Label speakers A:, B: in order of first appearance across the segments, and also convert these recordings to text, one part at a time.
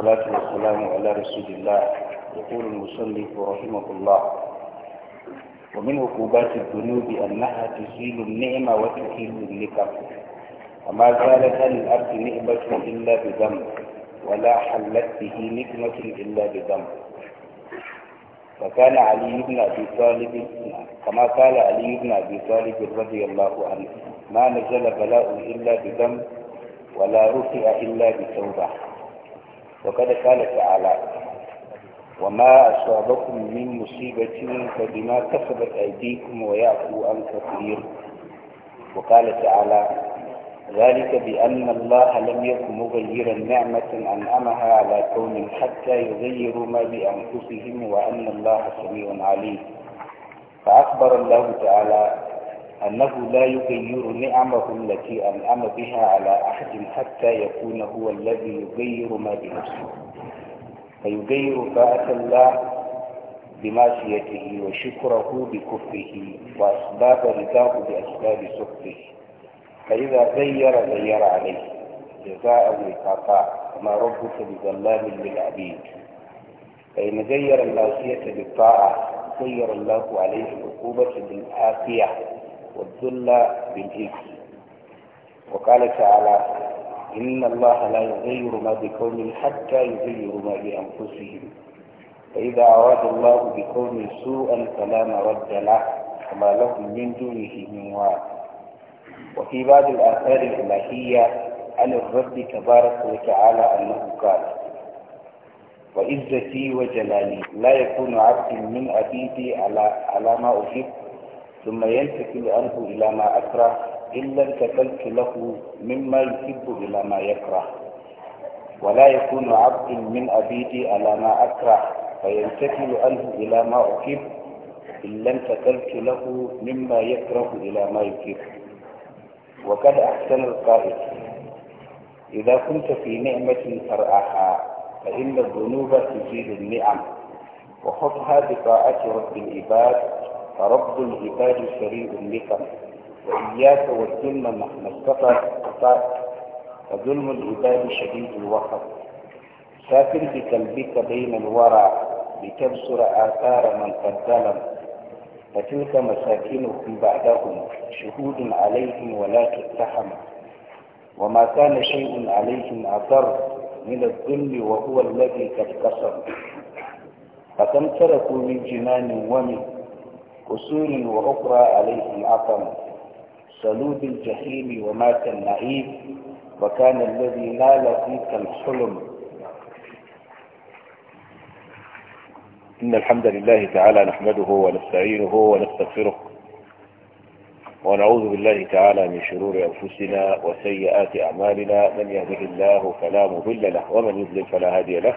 A: والصلاة والسلام على رسول الله يقول المصلي رحمه الله ومن عقوبات الذنوب أنها تزيل النعمة وتكيل اللقاء وما زالت للأرض نعمة إلا بذنب ولا حلت به نعمة إلا بذنب فكان علي بن أبي طالب كما قال علي بن أبي طالب رضي الله عنه ما نزل بلاء إلا بذنب ولا رفع إلا بتوبة وقد قال تعالى وما أصابكم من مصيبة فبما كسبت أيديكم ويعفو عن كثير وقال تعالى ذلك بأن الله لم يكن مغيرا نعمة أنعمها على قوم حتى يغيروا ما بأنفسهم وأن الله سميع عليم فأخبر الله تعالى أنه لا يغير نعمه التي أنعم بها على أحد حتى يكون هو الذي يغير ما بنفسه فيغير طاعة الله بمعصيته وشكره بكفره وأسباب رضاه بأسباب سخطه فإذا غير غير عليه جزاء للعطاء وما ربك بظلام للعبيد فإن غير المعصية بالطاعة غير الله عليه العقوبة بالعافية والذل بالإنس وقال تعالى إن الله لا يغير ما بقوم حتى يغيروا ما بأنفسهم فإذا أراد الله بقوم سوءا فلا مرد له وما لهم من دونه من واق وفي بعض الآثار الإلهية عن الرب تبارك وتعالى أنه قال وعزتي وجلالي لا يكون عبد من عبيدي على على ما أحب ثم يلتفت عنه إلى ما أكره إلا التفلت له مما يحب إلى ما يكره ولا يكون عبد من أبيدي على ما أكره فينتقل عنه إلى ما أحب إلا انتقلت له مما يكره إلى ما يحب وقد أحسن القائد إذا كنت في نعمة فرأها فإن الذنوب تزيل النعم وخذها بطاعة رب العباد فرب العباد سريع اللقم وإياك والظلم مهما استطعت فظلم العباد شديد الوقت سافر بقلبك بين الورى لتبصر آثار من قد ظلم فتلك مساكنهم بعدهم شهود عليهم ولا تتهم وما كان شيء عليهم أثر من الظلم وهو الذي قد قصر فكم تركوا من جنان ومن أصول وأخرى عليه العطم سلوب الجحيم ومات النعيم وكان الذي نال فيك الحلم إن الحمد لله تعالى نحمده ونستعينه ونستغفره ونعوذ بالله تعالى من شرور أنفسنا وسيئات أعمالنا من يهده الله فلا مضل له ومن يضلل فلا هادي له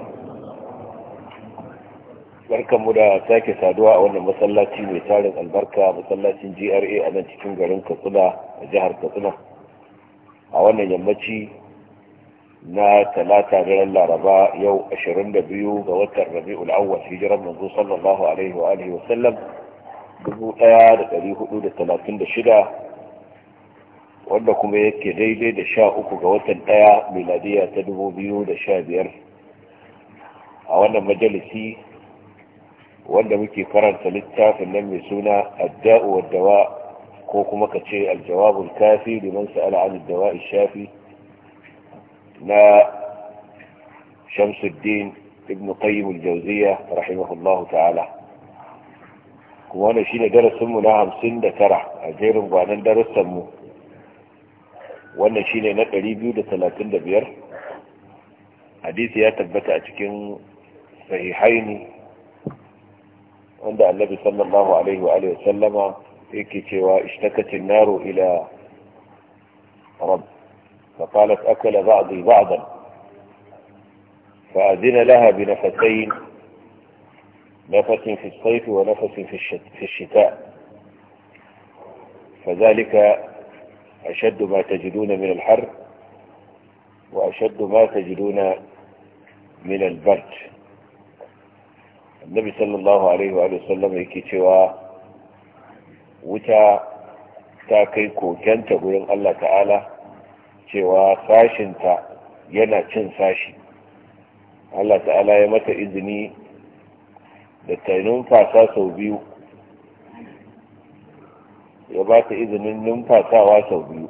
A: barkanmu da sake saduwa a wannan masallaci mai tarin albarka masallacin gra a nan cikin garin katsina a jihar katsina a wannan yammaci na talata daren laraba yau 22 ga watan rabi'ul awwal hijiran manzo sallallahu alaihi wa alihi talatin da 1436 wanda kuma yake daidai da sha 13 ga watan ɗaya miladiya ta dubu biyu da sha biyar, a wannan majalisi wanda muke karanta littafin nan mai suna adda'u wa dawa ko kuma ka ce aljawabul kafi liman sa'ala an dawa shafi na shamsuddin ibn qayyim al-jawziya rahimahullahu ta'ala kuma wannan shine darasin mu na 59 a jerin gwanan darussan mu wannan shine na 235 hadisi ya tabbata a cikin sahihaini عند النبي صلى الله عليه وآله وسلم اشتكت النار إلى naru فقالت أكل بعضي بعضا فأذن لها بنفسين نفس في الصيف ونفس في الشتاء فذلك أشد ما تجدون من الحر وأشد ما تجدون من البرد annabi sallallahu alaihi wa sallam yake cewa wuta ta kai kokenta gurin Allah ta'ala cewa sashinta yana cin sashi Allah ta'ala ya mata izini da ta numfasa sau biyu ya ba ta izinin numfasawa sau biyu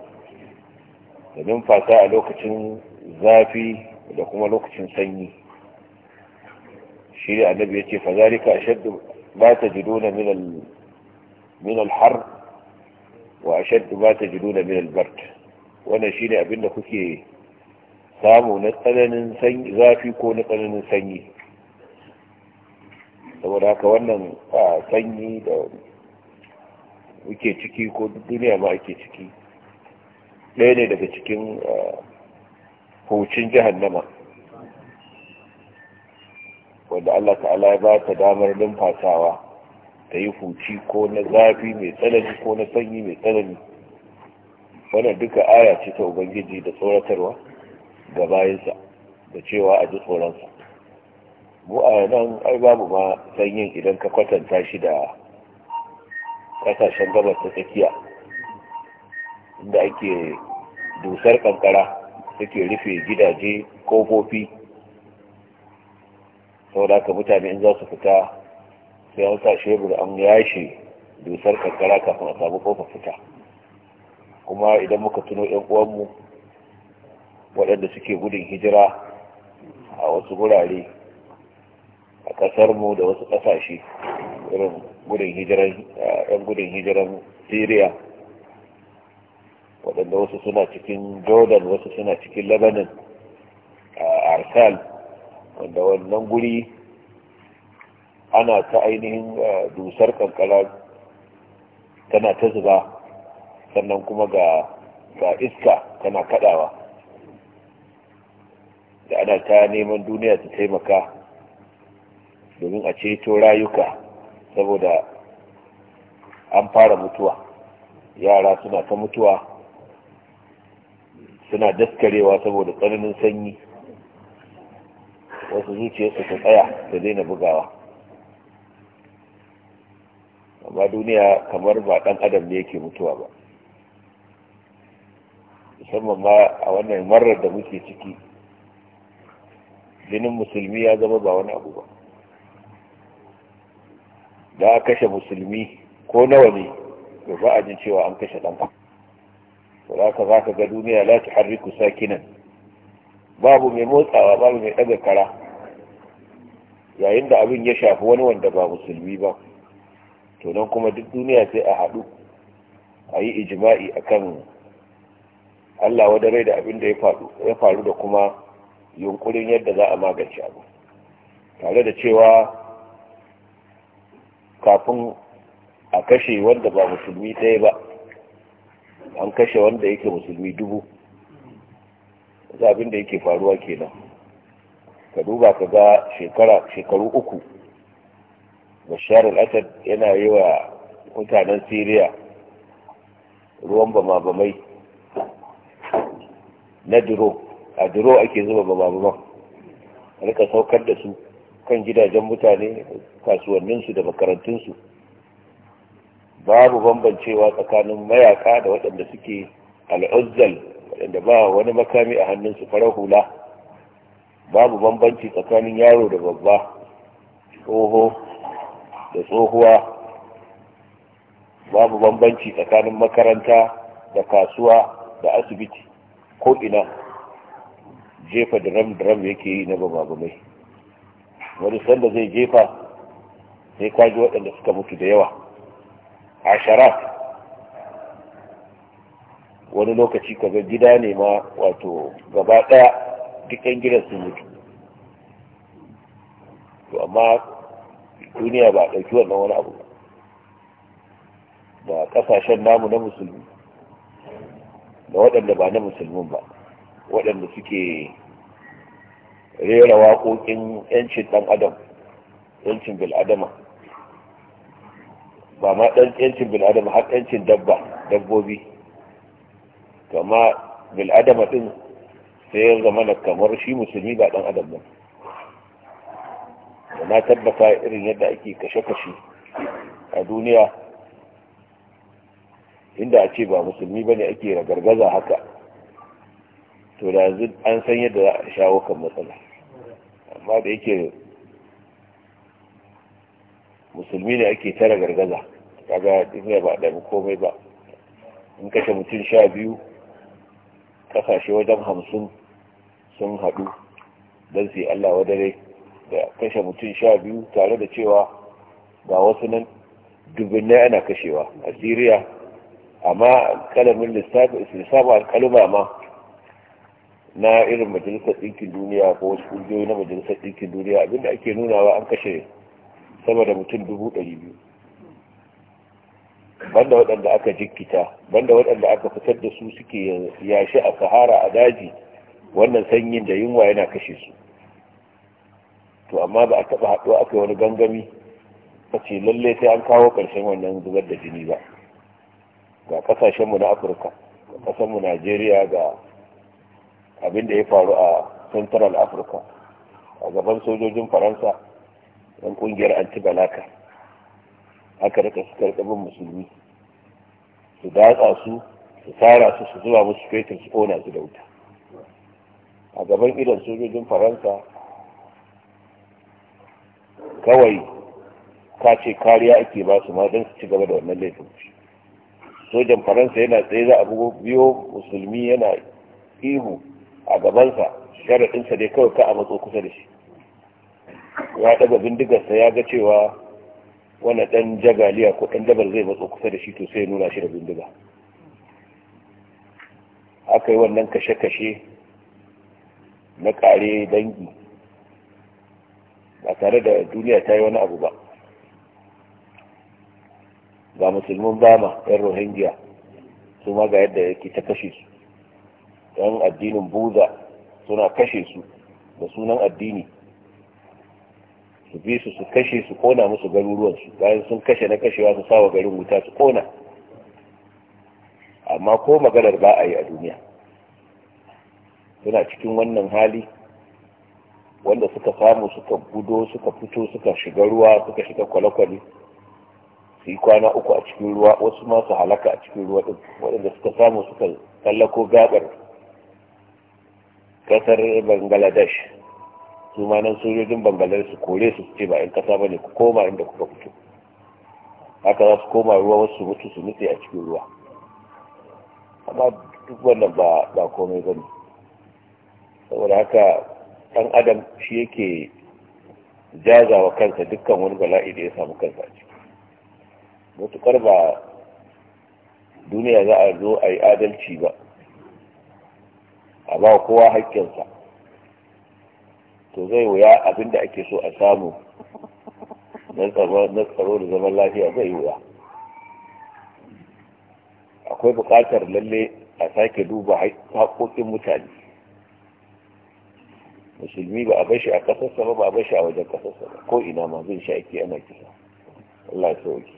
A: da numfasa a lokacin zafi da kuma lokacin sanyi shi ne annabi ya ce fa zalika ashaddu ma ta min al min al har wa ashaddu ma jiduna min al bard wannan shine abinda kuke samu na tsananin zafi ko na tsananin sanyi saboda haka wannan sanyi da muke ciki ko duniya ma ake ciki ɗaya ne daga cikin hucin nama wanda Allah ta'ala ya ba ta damar numfasawa ta yi huci ko na zafi mai tsanani ko na sanyi mai tsanani wannan duka aya ce ta ubangiji da tsoratarwa ga bayansa da cewa a ji tsoronsa mu a nan ai babu ma sanyin idan ka kwatanta shi da kasashen gabas ta tsakiya inda ake dusar kankara suke rufe gidaje kofofi saboda haka mutane in za su fita sai an sa shebur an yashi dusar kankara kafin a samu kofar fita kuma idan muka tuno yan uwanmu waɗanda suke gudun hijira a wasu gurare a ƙasarmu da wasu ƙasashe irin gudun hijiran yan gudun hijiran syria waɗanda wasu suna cikin jordan wasu suna cikin lebanon a arsal wanda wannan guri ana ta ainihin eh, dusar kankara tana ta zuba sannan kuma ga ga iska tana kadawa da ana ta neman duniya ta taimaka domin a ceto rayuka saboda an fara mutuwa yara suna ta mutuwa suna daskarewa saboda tsananin sanyi wasu zuciyarsu ta tsaya da daina bugawa amma duniya kamar ba ɗan adam ne yake mutuwa ba musamman ma a wannan marar da muke ciki jinin musulmi ya zama ba wani abu ba da a kashe musulmi ko nawa ne to ba a jin cewa an kashe ɗan to da ka za ka ga duniya la tuharriku sakinan babu mai motsawa babu mai ɗaga kara yayin da abin ya shafi wani wanda ba musulmi ba to nan kuma duk duniya sai a haɗu a yi ijima'i akan Allah rai da abin da ya faru da kuma yunkurin yadda za a magance abu tare da cewa kafin a kashe wanda ba musulmi ɗaya ba an kashe wanda yake musulmi dubu za abin da yake faruwa kenan ka duba ka ga shekara shekaru uku bashar al-asad yana yi wa mutanen siriya ruwan bama-bamai na duro a duro ake zuba bama bamai rika saukar da su kan gidajen mutane kasuwanninsu da makarantunsu babu bambancewa tsakanin mayaka da waɗanda suke al'uzzal waɗanda ba wani makami a hannunsu farar hula babu bambanci tsakanin yaro da babba tsoho da tsohuwa babu bambanci tsakanin makaranta da kasuwa da asibiti ko ina jefa dram-dram yake yi na bababamai wani sanda zai jefa sai kaji waɗanda suka mutu da yawa asharat wani lokaci kaga gida ne ma wato gaba ɗaya cikin yan gidan sun mutu to amma duniya ba ɗauki wannan wani abu ba ƙasashen namu na musulmi da waɗanda ba na musulmin ba waɗanda suke rera waƙoƙin 'yancin ɗan adam 'yancin bil'adama ba ma ɗan 'yancin bil'adama har 'yancin dabba dabbobi kama bil'adama ɗin sai ya zama da kamar shi musulmi ba dan adam ba da na tabbata irin yadda ake kashe-kashe a duniya inda a ce ba musulmi ba ne ake ragargaza haka to da yanzu an san yadda za a shawo kan matsala amma da yake musulmi ne ake tara gargaza kaga duniya ba da komai ba in kashe mutum sha biyu kasashe wajen hamsin sun haɗu don su yi Allah wa dare da kashe mutum sha biyu tare da cewa ga wasu nan na ana kashewa a Siriya amma kalamin lissafa alkaluma ma na irin majalisar ɗinkin duniya ko wasu ƙungiyoyi na majalisar ɗinkin duniya abinda ake nunawa an kashe sama da mutum dubu ɗari biyu banda waɗanda aka jikkita banda waɗanda aka fitar da su suke yashi a sahara a daji wannan sanyin da yunwa yana kashe su to amma ba a taɓa haɗuwa aka wani gangami a ce lalle sai an kawo ƙarshen wannan zubar da jini ba ga ƙasashenmu na afirka ga ƙasarmu najeriya ga abin da ya faru a central africa a gaban sojojin faransa yan ƙungiyar antibalaka aka rika su karɓar musulmi su datsa su su tara su su zuba musu fetur su ƙona su da wuta a gaban idon sojojin faransa kawai ka ce kariya ake ba su ma don su ci gaba da wannan laifin sojan faransa yana tsaye za a biyo musulmi yana ihu a gabansa sharaɗinsa dai kawai ka a matso kusa da shi ya ɗaga bindigarsa ya ga cewa wani ɗan jagaliya ko ɗan dabar zai matso kusa da shi to sai nuna shi da bindiga aka yi wannan kashe-kashe na kare dangi ba tare da duniya ta yi wani abu ba ga musulmin bama yan rohingya su ma ga yadda yake ta kashe su yan addinin buza suna kashe su da sunan addini su bi su su kashe su kona musu garuruwansu bayan sun kashe na kashewa su sawa garin wuta su kona amma ko maganar ba a yi a duniya suna cikin wannan hali wanda suka samu suka gudo suka fito suka shiga ruwa suka shiga kwale-kwale su yi kwana uku a cikin ruwa wasu ma halaka a cikin ruwa ɗin waɗanda suka samu suka tsallako gabar ƙasar bangladesh su ma nan sojojin bangladesh su kore su ce ba in kasa ba ne ku koma inda kuka fito haka za su koma ruwa wasu mutu su nutse a cikin ruwa amma duk wannan ba komai ba ne saboda haka ɗan adam shi yake jazawa kansa dukkan wani bala'i da ya samu kansa ciki mutukar ba duniya za a zo a yi adalci ba a ba kowa haƙƙinsa to zai wuya abinda ake so a samu na tsaro da zaman lafiya zai yi wuya akwai buƙatar lalle a sake duba haƙoƙin mutane musulmi ba a bashi a kasarsa ba ba a bashi a wajen kasarsa ba ko ina ma zai sha ake ana kisa Allah ya sauki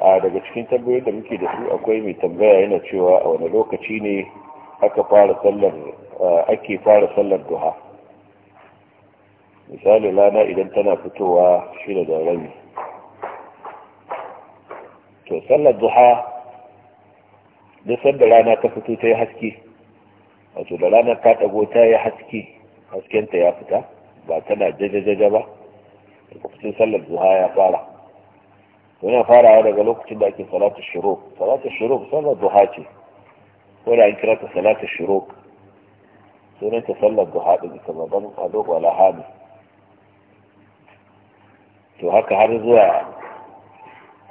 A: a daga cikin tambayoyin da muke da su akwai mai tambaya yana cewa a wani lokaci ne aka fara sallar ake fara sallar duha misali rana idan tana fitowa shida da rami to sallar duha da sanda rana ta fito ta yi haske wato da ranar ka ɗago ta yi haske haskenta ya fita ba tana jajajaja ba lokacin sallar duha ya fara yana farawa daga lokacin da ake salatu shirok salatu shirok sallar duha ce ko da an kira ta salatu shirok sunan ta sallar duha ɗin ita ba ban ado wala hami to haka har zuwa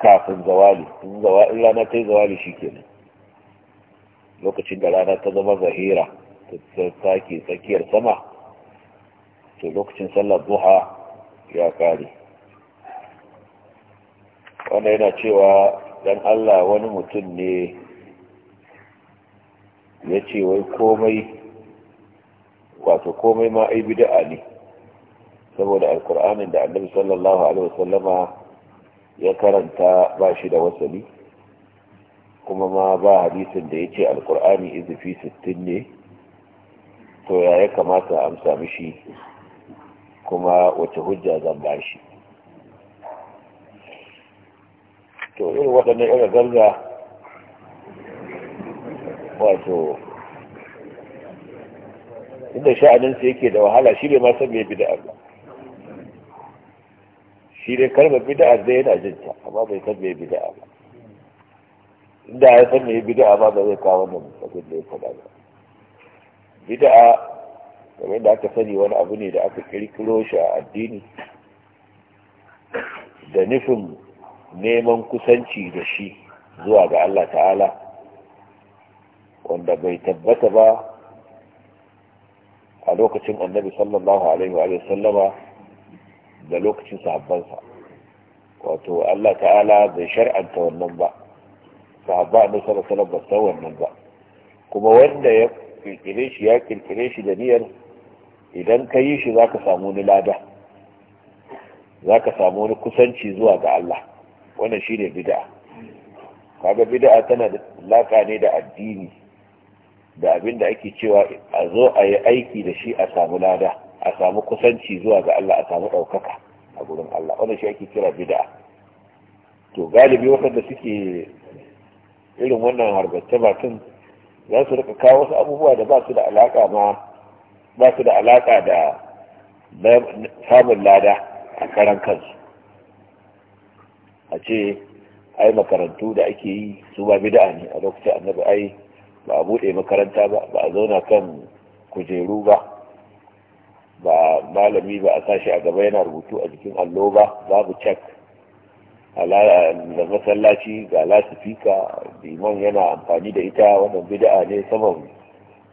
A: kafin zawali in zawali rana ta yi zawali shi kenan lokacin da rana ta zama zahira ta tsaki tsakiyar sama to lokacin sallar duha ya kare wanda yana cewa dan Allah wani mutum ne ya ce wai komai wato komai ma ai bid'a ne saboda alkur'anin da annabi sallallahu alaihi wasallama ya karanta ba shi da wasali kuma ma ba hadisin da ya ce alkur'ani izifi sittin ne to ya ya kamata a amsa mishi kuma wace hujja zan ba shi to irin waɗannan irin garga wato inda sha'aninsa yake da wahala shi ne ma san mai bida ba shi ne kalmar bida'ar zai yana jinta amma bai san mai bida'a ba inda ya san me bid'a ba zai kawo wannan abin da ya faɗa ba bid'a kamar yadda aka sani wani abu ne da aka kirkiro shi a addini da nufin neman kusanci da shi zuwa ga Allah ta'ala wanda bai tabbata ba a lokacin annabi sallallahu alaihi wa sallama da lokacin sahabbansa wato Allah ta'ala bai shar'anta wannan ba sahabba ba sallallahu sara wasallam ba san wannan ba kuma wanda ya kirkire shi ya kirkire shi da niyyar idan ka yi shi za ka samu wani lada za ka samu wani kusanci zuwa ga Allah wannan shi ne bid'a kaga bid'a tana da alaka ne da addini da abin da ake cewa a zo a yi aiki da shi a samu lada a samu kusanci zuwa ga Allah a samu ɗaukaka a gurin Allah wannan shi ake kira bid'a to galibi wanda suke irin wannan harbace bakin za su rika kawo wasu abubuwa da ba su da alaka ba su da alaka da samun lada a karan kansu a ce ai makarantu da ake yi su ba bid'a ne a lokacin annabi ai ba a bude makaranta ba ba a zauna kan kujeru ba ba malami ba a sashi a gaba yana rubutu a jikin allo ba babu cak da masallaci ga lasifika liman yana amfani da ita wannan bida'a ne saman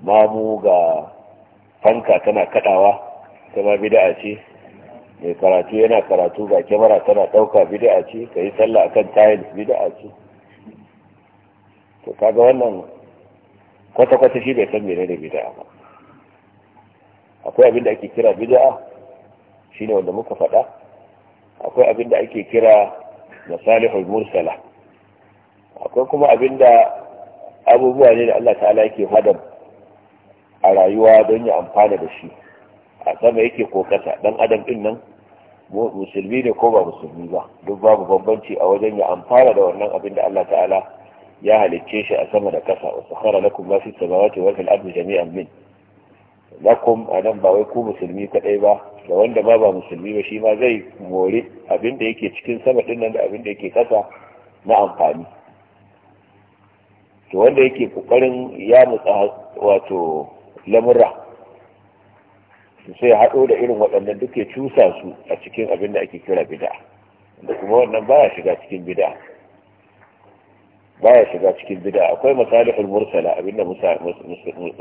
A: mamu ga fanka tana kadawa ma bid'a ce mai karatu yana karatu ga kyamara tana dauka bid'a ce ka yi sallah akan tayin bid'a ce to kaga wannan kwata-kwata shi bai san mene da bid'a ba akwai abin da ake kira bid'a shine wanda muka faɗa akwai abin da ake kira masalihul mursala akwai kuma abinda abubuwa ne da Allah ta'ala yake hadam a rayuwa don ya amfana da shi a sama yake ko kasa ɗan adam din nan musulmi ne ko ba musulmi ba duk babu bambanci a wajen ya amfana da wannan abin da Allah ta'ala ya halicce shi a sama da kasa wa sakhara lakum ma fi samawati wa fil ardi jami'an min lakum a nan ba wai ku musulmi kaɗai ba da wanda ba ba musulmi ba shi ma zai more abin da yake cikin sama ɗin nan da abin da yake ƙasa na amfani to wanda yake ƙoƙarin ya mutsa wato lamura sai haɗo da irin waɗannan duke cusa su a cikin abin da ake kira bida da kuma wannan baya shiga cikin bida baya shiga cikin bid'a akwai masalihul mursala abinda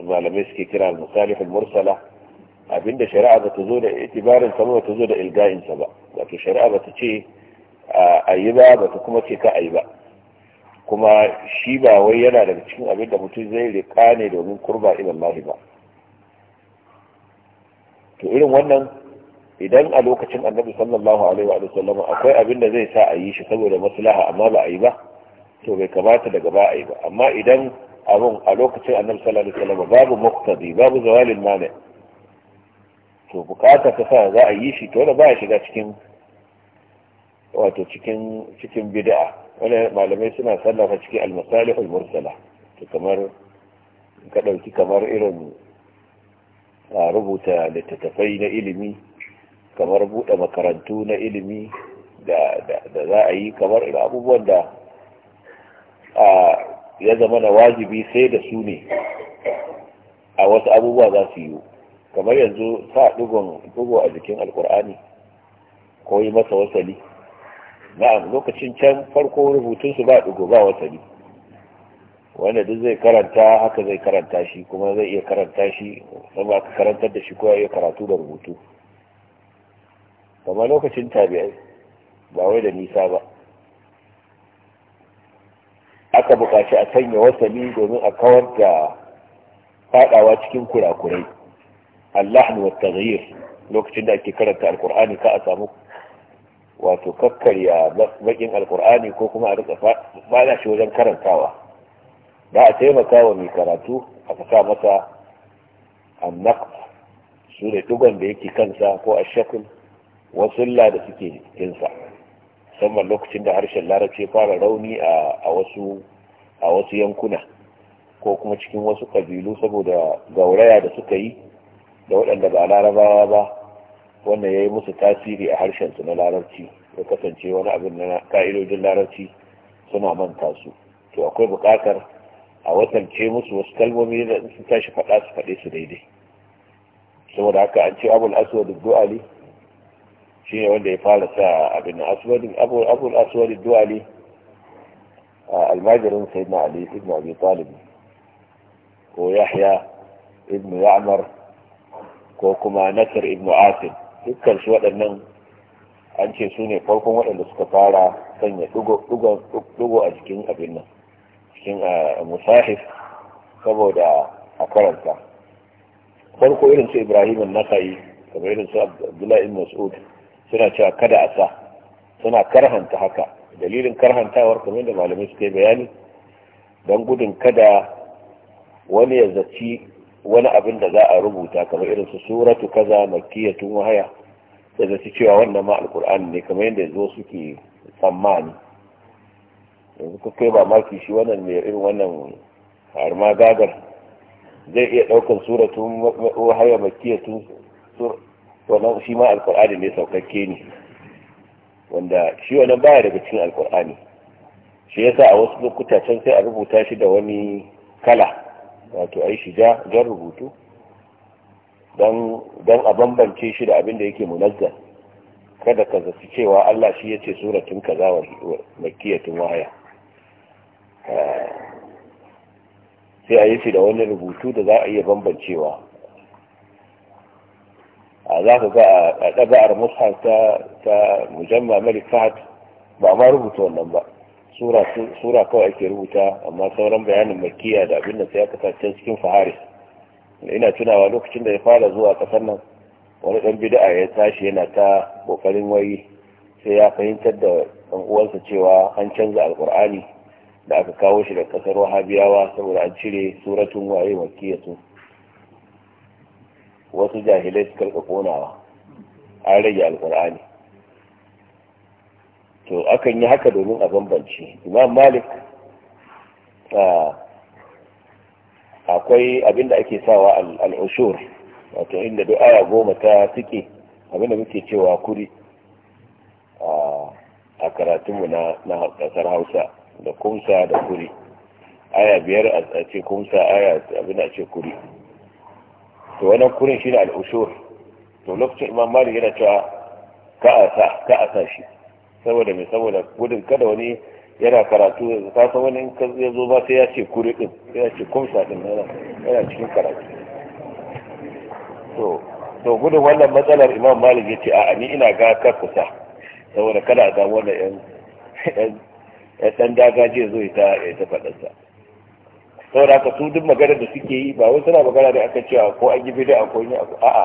A: malamai suke kira masalihul mursala abinda shari'a ba ta zo da itibarin sa ba ta zo da ilga'in ba wato shari'a ba ta ce a yi ba ba ta kuma ce ka a yi ba kuma shi ba wai yana daga cikin abinda mutum zai riƙa ne domin kurba ila Allah ba to irin wannan idan a lokacin annabi sallallahu alaihi wa sallam akwai abinda zai sa a yi shi saboda maslaha amma ba a yi ba to bai kamata daga ba a yi ba amma idan abun a lokacin annabi sallallahu alaihi wasallam babu muqtadi babu zawalin mani to bukata ta sa za a yi shi to ba ya shiga cikin wato cikin cikin bid'a wani malamai suna sallafa cikin al al mursala to kamar ka dauki kamar irin a rubuta littattafai na ilimi kamar buɗe makarantu na ilimi da za a yi kamar abubuwan da ya zama na wajibi sai da su ne a wasu abubuwa za su yi kamar yanzu sa dugo a jikin alkur'ani ko yi masa wasali na'am lokacin can farko rubutunsu ba dugo ba wasali wanda duk zai karanta haka zai karanta shi kuma zai iya karanta shi sama aka karantar da shi ko iya karatu da rubutu kamar lokacin tabi'ai ba wai da nisa ba aka buƙaci a sanya wasani domin a kawar da faɗawa cikin kurakurai "Allah wa taghyir lokacin da ake karanta alkur'ani ka a samu wato kakkarya bakin alkur'ani ko kuma a rika fada shi wajen karantawa da a taimaka wa mai karatu a fasa masa annak su ne dugon da yake kansa ko a shakul wasu da suke kinsa. musamman lokacin da harshen larabci ya fara rauni a wasu wasu yankuna ko kuma cikin wasu kabilu saboda gauraya da suka yi da waɗanda ba larabawa ba wannan ya yi musu tasiri a harshen su na larabci ya kasance wani abin na ka'idojin larabci suna manta su to akwai buƙatar a watance musu wasu kalmomi da su tashi faɗa su faɗe su daidai saboda haka an ce abul aswad du'ali shi ne wanda ya fara sa abin aswadin abul aswadi duwali almajirin sayyidina ali ibn abi talib ko yahya ibn ya'mar ko kuma nasir ibn asim dukkan su waɗannan an ce su ne farkon waɗanda suka fara sanya dugo a cikin abin nan cikin musahif saboda a karanta farko irin su ibrahim nasa'i kamar irin su abdullahi mas'ud suna cewa kada a sa suna karhanta haka dalilin karhantawar kamar da malamai suke bayani don gudun kada wani ya zaci wani abin da za a rubuta kamar irin su suratu kaza makiyatun wahaya da zaci cewa wannan ma alkur'ani ne kamar yadda zo suke tsammani yanzu ku kai ba maki shi wannan mai irin wannan harma gagar zai iya ɗaukar suratun wahaya makiyatun wannan shi ma alkur'ani ne saukakke ne wanda shi wannan baya daga cikin alkur'ani shi yasa a wasu lokuta can sai a rubuta shi da wani kala wato a yi shi jan rubutu don a bambance shi da abin da yake munazza, kada ka zaci cewa Allah shi ya ce suratun kaza wa makiyatun waya eh, sai a yi shi da wani rubutu da za a iya bambancewa za ku ga a ɗaba'ar mushaf ta mujamma malik fahad ba ma rubuta wannan ba sura kawai ake rubuta amma sauran bayanin makiya da abin da sai aka cikin faharis ina tunawa lokacin da ya fara zuwa kasar nan wani ɗan bid'a ya tashi yana ta kokarin wai sai ya fahimtar da ɗan uwansa cewa an canza alkur'ani da aka kawo shi da kasar wahabiyawa saboda an cire suratun waye makiyatu wasu jahilai su karka konawa a rage alkur'ani to akan yi haka domin a bambance imam malik akwai abinda ake sawa al'ushur wato inda duk aya goma ta suke abinda muke cewa kuri a karatunmu na kasar hausa da kumsa da kuri aya biyar a ce kumsa aya abinda ce kuri to wannan kurin shi al-ushur to lokacin imam malik yana cewa ka a sa ka shi saboda me saboda gudun kada wani yana karatu ka san wani in ka zo ba sai ya ce kuri din sai ya ce kumsa din yana cikin karatu to to gudun wannan matsalar imam malik ya ce a'a ni ina ga ka kusa saboda kada a samu wannan yan dan dagaje zo ita ya ta faɗarsa saboda haka su duk magana da suke yi ba wai suna magana da aka cewa ko an yi bid'a ko ne abu a'a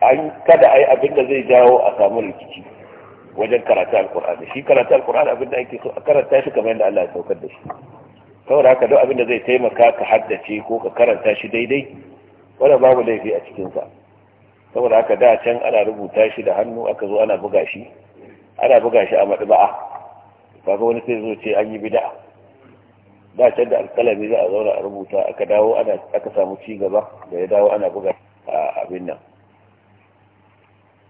A: an kada ai abin da zai jawo a samu rikici wajen karatu alqur'ani shi karatu alqur'ani abin da ake so a karanta shi kamar yadda Allah ya saukar da shi saboda haka duk abin da zai taimaka ka haddace ko ka karanta shi daidai wanda babu laifi a cikin sa saboda haka da can ana rubuta shi da hannu aka zo ana buga shi ana buga shi a maɗuba'a kaga wani sai zo ce an yi bid'a ba ta da alkalami za a zauna a rubuta aka dawo ana aka samu ci gaba da ya dawo ana buga a abin nan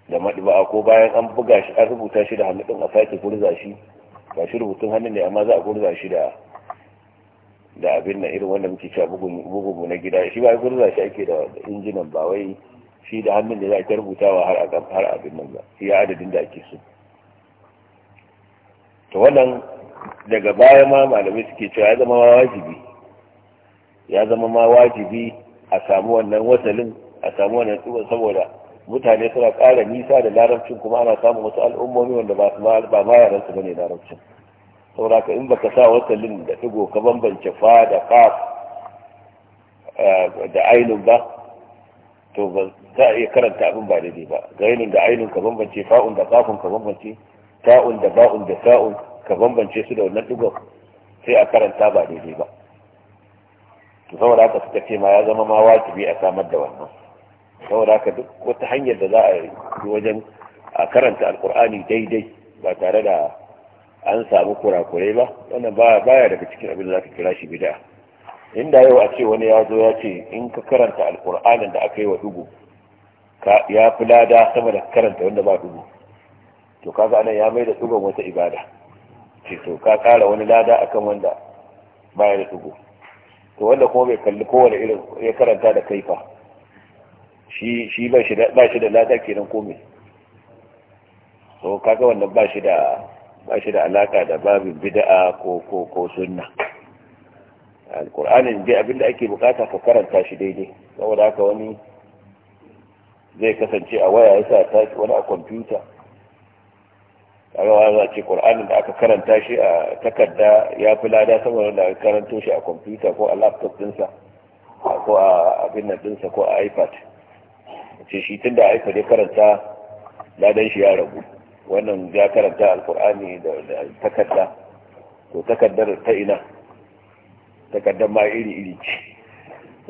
A: da ba ko bayan an buga shi an rubuta shi da hannu din a sake gurza shi ba shi rubutun hannu ne amma za a gurza shi da da abin nan irin wanda muke cewa bugun na gida shi ba gurza shi ake da injinan ba wai shi da hannun ne za a rubutawa har har abin nan ba ya adadin da ake so to wannan daga baya ma malamai suke cewa ya zama wajibi ya zama ma wajibi a samu wannan wasalin a samu wannan tsibin saboda mutane suna ƙara nisa da larabcin kuma ana samun wasu al'ummomi wanda ba ma yaran su bane larabcin saboda in baka sa wasalin da digo ka bambance fa da qaf eh, da ainun ba to ba za a iya karanta abin ba daidai ba gainun da ainun ka bambance fa'un da qafun ka bambance ta'un da ba'un da sa'un ka bambance su da wannan dugon sai a karanta ba daidai ba to saboda haka suka ce ma ya zama ma wajibi a samar da wannan saboda haka duk wata hanyar da za a yi wajen a karanta alkur'ani daidai ba tare da an samu kurakurai ba wannan baya daga cikin abin da za ka kira shi bid'a inda yau a ce wani ya zo ya ce in ka karanta alkur'anin da aka yi wa dugu ya fi lada sama da karanta wanda ba dugu to kaga anan ya mai da wata ibada ce to ka kara wani lada akan wanda baya da dubu to wanda kuma bai kalli kowane irin ya karanta da kaifa shi shi ba shi da ba da lada kenan ko me to kaga wannan ba shi da alaka da babin bid'a ko ko ko sunna alqur'anin dai abinda ake bukata ka karanta shi daidai saboda haka wani zai kasance a waya yasa ta wani a kwamfuta kaga wa ce qur'anin da aka karanta shi a takarda ya fi lada saboda da aka karanto shi a kwamfuta ko a laptop dinsa ko a abin nan dinsa ko a ipad ce shi tun da ipad ya karanta ladan shi ya rabu. wannan ya karanta alqur'ani da takarda to takardar ta ina takardar ma iri iri ce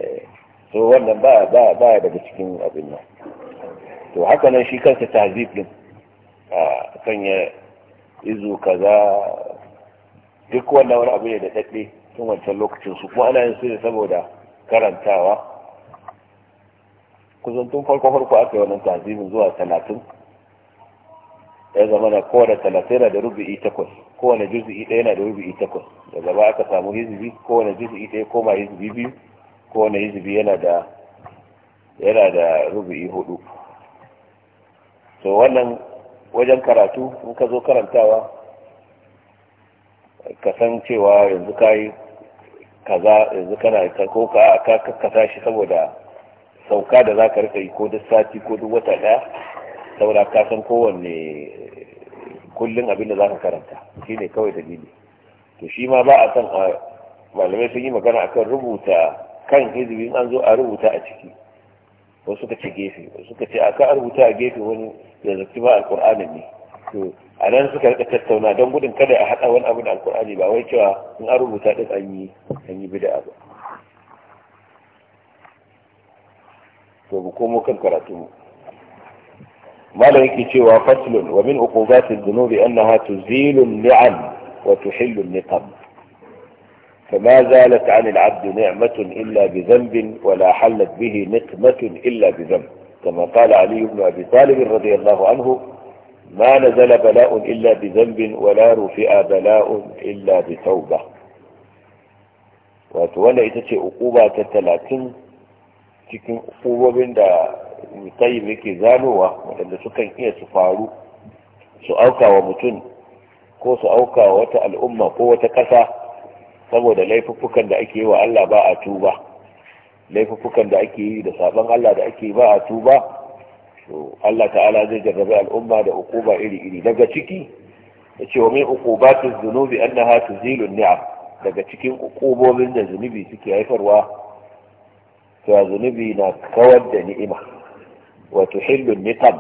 A: eh, so wannan ba ba ba daga cikin abin nan to haka nan shi kansa tahzib din a sanya izu kaza duk wannan wani abu ne da daɗe tun wancan lokacin su kuma ana yin su ne saboda karantawa kusan tun farko farko aka yi wannan tanzimin zuwa talatin ya zama na kowane talatin yana da rubu'i takwas kowane juzi'i ɗaya yana da rubu'i takwas da ba aka samu hizibi kowane juzi'i ɗaya koma hizibi biyu kowane hizibi yana da yana da rubu'i hudu to wannan wajen karatu in ka zo karantawa ka san cewa yanzu ka yi kaza yanzu kana ko ka ka shi saboda sauka da za ka rika yi ko duk sati ko duk wata ɗaya saboda ka san kowanne kullum abin da za ka karanta shi ne kawai dalili to shi ma ba a san malamai sun yi magana akan rubuta kan hizbi an zo a rubuta a ciki wasu suka ce gefe wasu suka ce aka rubuta a gefe wani ya zaci ba alƙur'anin ne to a nan suka rika tattauna don gudun kada a haɗa wani abu da alƙur'ani ba wai cewa in an rubuta ɗin an yi an yi bida ba to mu komo kan karatu mu malam yake cewa faslun wa min uqubati dhunubi annaha tuzilu li'an wa tuhillu niqam فما زالت عن العبد نعمة إلا بذنب ولا حلت به نقمة إلا بذنب كما قال علي بن أبي طالب رضي الله عنه ما نزل بلاء إلا بذنب ولا رفئ بلاء إلا بتوبة وتولى إتتي أقوبة تتلاتين تكن أقوبة من دا طيب يكي زانوا وإن سكن هي إيه سفارو سأوكا ومتن كو سأوكا وتا الأمة قوة وتا saboda laifuffukan da ake yi wa Allah ba a tuba laifuffukan da ake yi da saban Allah da ake ba a tuba to Allah ta'ala zai jarrabe al'umma da ukuba iri-iri daga ciki ya ce wa min uqubatiz zunubi annaha tuzilu ni'am daga cikin ukubobin da zunubi suke haifarwa cewa zunubi na kawar da ni'ima wato hillun niqam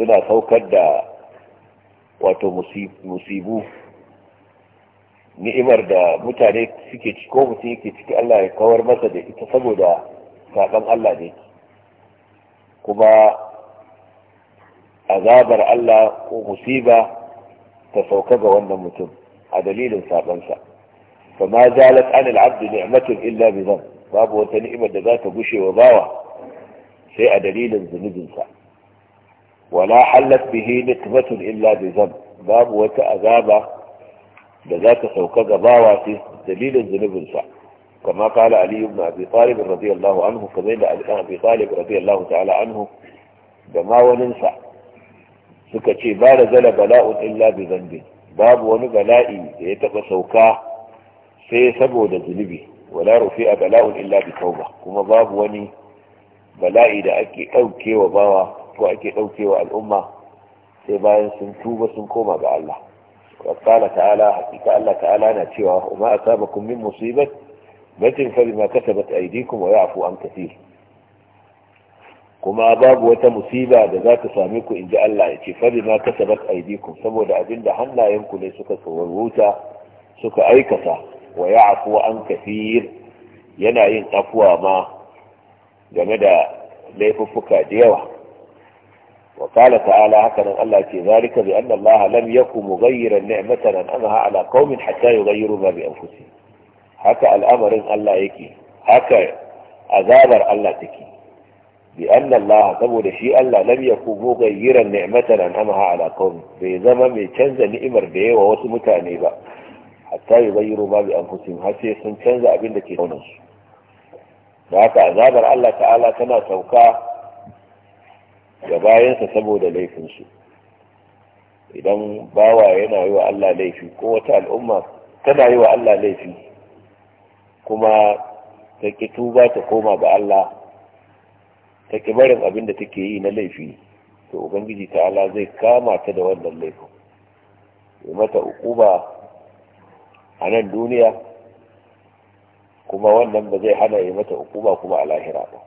A: suna saukar da wato musibu ni'imar da mutane suke ciki ko mutum yake ciki Allah ya kawar masa da ita saboda saɓan Allah ne kuma azabar Allah ko musiba ta sauka ga wannan mutum a dalilin saɓansa fama zalat an al'abdu ni'matun illa bi babu wata ni'imar da za ta gushe wa bawa sai a dalilin zunubinsa wala halat bihi nikmatun illa bi babu wata azaba da za ta sauka gabawa sai dalilin zunubinsa kama kala ali ibn abi talib radiyallahu anhu kamar da ali abi talib radiyallahu ta'ala anhu da ma waninsa suka ce ba da zala bala'un illa bi zambin babu wani bala'i da ya taba sauka sai saboda zunubi wala rufi'a bala'un illa bi tauba kuma babu wani bala'i da ake daukewa bawa ko ake daukewa al'umma sai bayan sun tuba sun koma ga Allah wa qala ta'ala hakika Allah ta'ala na cewa ma asabakum min musibat batin fa bima kasabat aydikum wa ya'fu an kathir kuma babu wata musiba da za ta same ku inji Allah ya ce fa bima kasabat aydikum saboda abinda hannayenku ne suka tsawarwuta suka aikata wa afu an kathir yana yin afuwa ma game da laifuffuka da yawa وقال تعالى هكذا الله في ذلك بأن الله لم يكن مغيرا نعمة أنعمها على قوم حتى يغيروا ما بأنفسهم هكا الأمر الله يكي هكا أذابر الله تكي بأن الله سبب شيء الله لم يكن مغيرا نعمة أنعمها على قوم بزمن من تنزى نئمر به ووسمتاني بقى hatta yi bayyaro ma bi anfusihim har sai sun canza abin da ke kaunan su da haka azabar Allah ta'ala tana sauka ga bayansa saboda laifinsu idan bawa yana yi wa Allah laifi ko wata al'umma tana yi wa Allah laifi kuma ta ki tuba ta koma ga Allah ta ki barin abin da take yi na laifi to ubangiji ta'ala zai kama ta da wannan laifin yi mata ukuba a nan duniya kuma wannan ba zai hana ya mata ukuba kuma a lahira ba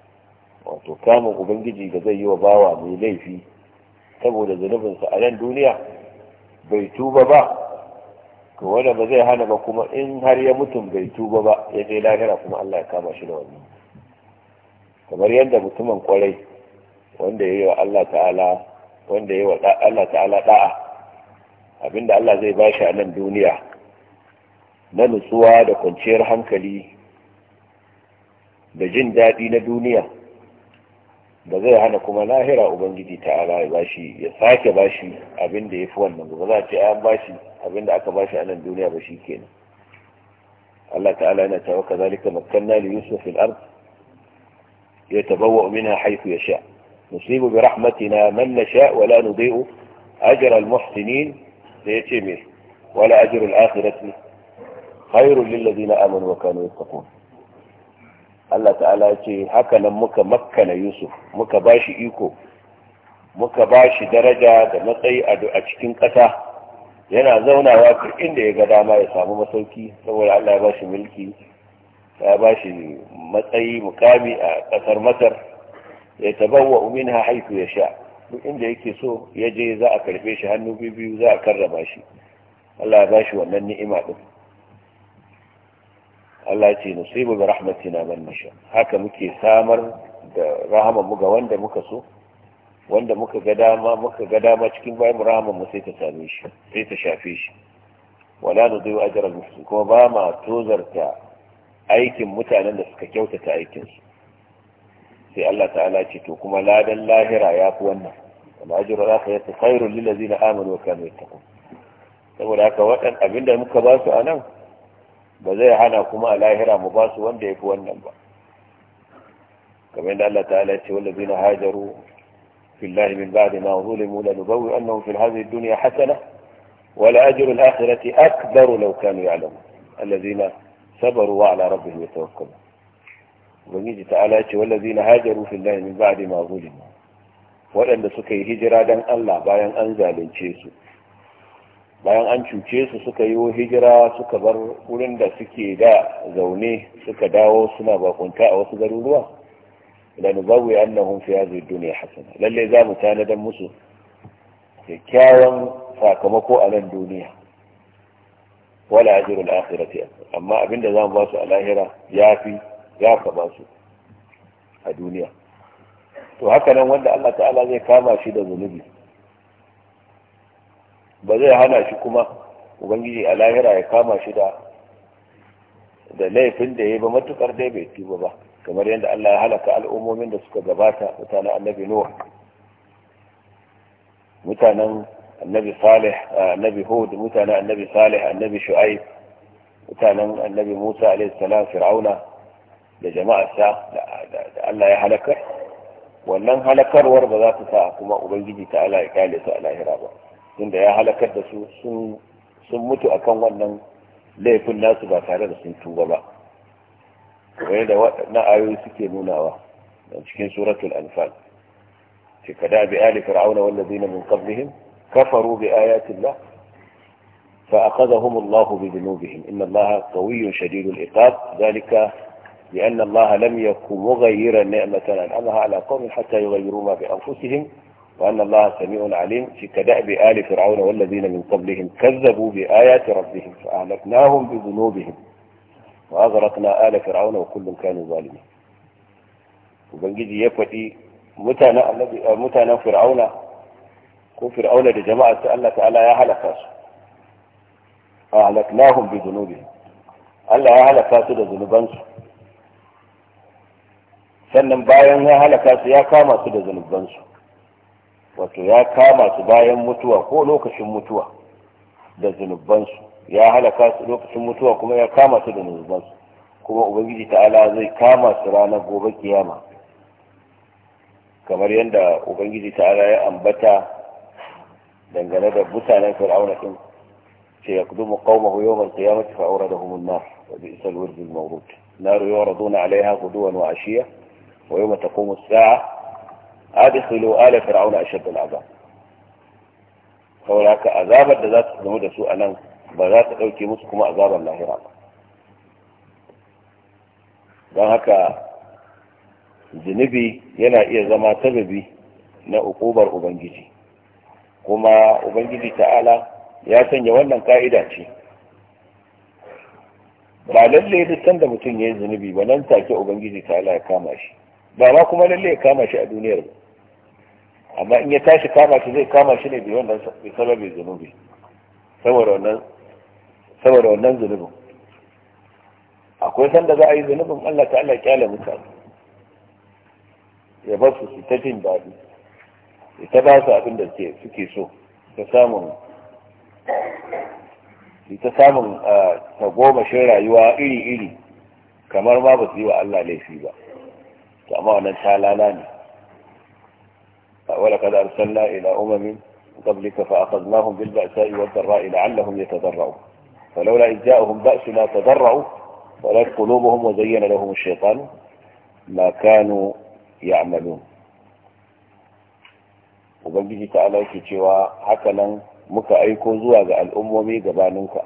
A: wato kamun ubangiji da zai yi wa bawa mai laifi saboda zunubinsa a nan duniya bai tuba ba to wanda ba zai hana ba kuma in har ya mutum bai tuba ba ya je lahira kuma Allah ya kama shi da wani. kamar yadda mutumin kwarai wanda ya yi wa Allah ta'ala wanda ya yi wa Allah ta'ala da'a abinda Allah zai ba shi a nan duniya na nutsuwa da kwanciyar hankali da jin daɗi na duniya da zai hana kuma lahira ubangiji ta'ala ya bashi ya sake bashi abin da ya wannan ba za a ce an bashi abin da aka bashi a nan duniya ba shi kenan Allah ta'ala yana cewa kazalika makanna li yusuf fil ard yatabawwa minha haythu yasha nusibu bi rahmatina man nasha wa la nudhi'u ajra al muhsinin da yace me wala ajru al akhirati khairul lil ladina amanu wa kanu yattaqun Allah ta'ala ya ce haka nan muka makkana Yusuf muka ba shi iko muka ba shi daraja da matsayi a cikin ƙasa yana zaunawa duk inda ya ga dama ya samu masauki saboda Allah ya ba shi mulki ya ba shi matsayi mukami a ƙasar Masar ya tabawwa minha haitu ya sha duk inda yake so ya je za a karbe shi hannu biyu za a karrama shi Allah ya ba shi wannan ni'ima din Allah ce nusibu bi rahmatina man nasha haka muke samar da rahama mu ga wanda muka so wanda muka ga dama muka ga dama cikin bayan rahama mu sai ta same shi sai ta shafe shi wala nudiyu ajra al-muhsin kuma ba ma tozarta aikin mutanen da suka kyautata aikin su sai Allah ta'ala ce to kuma ladan lahira yafi wannan wal ajru al-akhirati khairul lil ladina amanu wa kanu yattaqun saboda haka wadan abinda muka ba su nan ba zai hana kuma a lahira mu ba su wanda ya fi wannan ba kamar da Allah ta'ala ce wanda zina hajaru fillahi min ba'di ma zulimu la nubawi annahu fil hadhihi dunya hasana wa la ajru al-akhirati akbaru law kanu ya'lamu allazina sabaru wa ala rabbihim yatawakkalun ubangiji ta'ala ce wanda zina hajaru fillahi min ba'di ma zulimu wadanda suka yi hijira dan Allah bayan an zalunce su bayan an cuce su suka yi hijira suka bar wurin da suke da zaune suka dawo suna bakunta a wasu garuruwa idan babu ya annahun fiya zai duniya hasana lalle za mu tanadan musu kyakkyawan sakamako a nan duniya wala ajrul akhirati amma abinda za mu ba su a lahira yafi ya ka ba su a duniya to haka nan wanda Allah ta'ala zai kama shi da zunubi ba zai hana shi kuma ubangiji a lahira ya kama shi da da laifin da ya ba matukar dai bai tuba ba kamar yadda Allah ya halaka al'ummomin da suka gabata mutanen annabi Nuh mutanen annabi Salih annabi Hud mutanen annabi Salih annabi Shu'aib mutanen annabi Musa alaihi salam Fir'auna da jama'a sa da Allah ya halakar wannan halakarwar ba za ta sa kuma ubangiji ta ala ya kyale su a lahira ba tunda ya halakar da su sun mutu akan wannan laifin nasu ba tare da sun tuba ba wani da waɗannan ayoyi suke nunawa a cikin suratul anfal ce kada bi ali fir'auna wallazina min qablihim kafaru bi ayati llah fa akhadhahum allah bi dhunubihim inna allaha qawiyyun shadidul iqab dhalika لأن الله لم يكن مغيرا نعمة أنعمها على قوم حتى يغيروا ما بأنفسهم وأن الله سميع عليم في كدأب آل فرعون والذين من قبلهم كذبوا بآيات ربهم فأهلكناهم بذنوبهم وأغرقنا آل فرعون وكل كانوا ظالمين وبنجد يكوتي متانا الذي آه، متانا فرعون وفرعون لجماعة الله تعالى يا هلكاش أهلكناهم بذنوبهم ألا يا هلكاش لذنوبانش سنن باين يا هلكاش يا كاما لذنوبانش wato ya kama su bayan mutuwa ko lokacin mutuwa da zunubansu ya halaka su lokacin mutuwa kuma ya kama su da zunubansu kuma ubangiji ta'ala zai kama su ranar gobe kiyama kamar yadda ubangiji ta'ala ya ambata dangane da mutanen fir'auna din ce ya kudu muqawmahu yawmal qiyamati fa awradahum an-nar wa bi'sa al-wirdu na mawrud nar yuraduna alaiha ghuduwan wa 'ashiya wa yawma taqumu as-sa'a adkhilu ala fir'auna a al'azab saboda ka azabar da za ta zama da su a nan ba za ta ɗauke musu kuma azabar lahira ba don haka zunubi yana iya zama sababi na uƙubar ubangiji kuma ubangiji ta'ala ya sanya wannan ka'ida ce ba lalle duk sanda mutum ya yi zunubi ba nan take ubangiji ta'ala ya kama shi ba ma kuma lalle ya kama shi a duniyar ba amma in ya tashi kama shi zai kama shi ne bai wannan sababin zunubi saboda wannan saboda wannan zunubin akwai sanda za a yi zunubin Allah ta Allah kyale mutane ya ba su su ta jin daɗi ya ta ba su abin da suke so ta samun ta samun ta goma shi rayuwa iri-iri kamar ma ba su yi wa Allah laifi ba to amma wannan talala ne ولقد أرسلنا إلى أمم قبلك فأخذناهم بالبأساء والضراء لعلهم يتضرعون فلولا إذ جاءهم بأسنا تضرعوا ولكن قلوبهم وزين لهم الشيطان ما كانوا يعملون وبنجي تعالى alaƙi cewa hakanan muka aiko zuwa ga al'ummomi gabaninka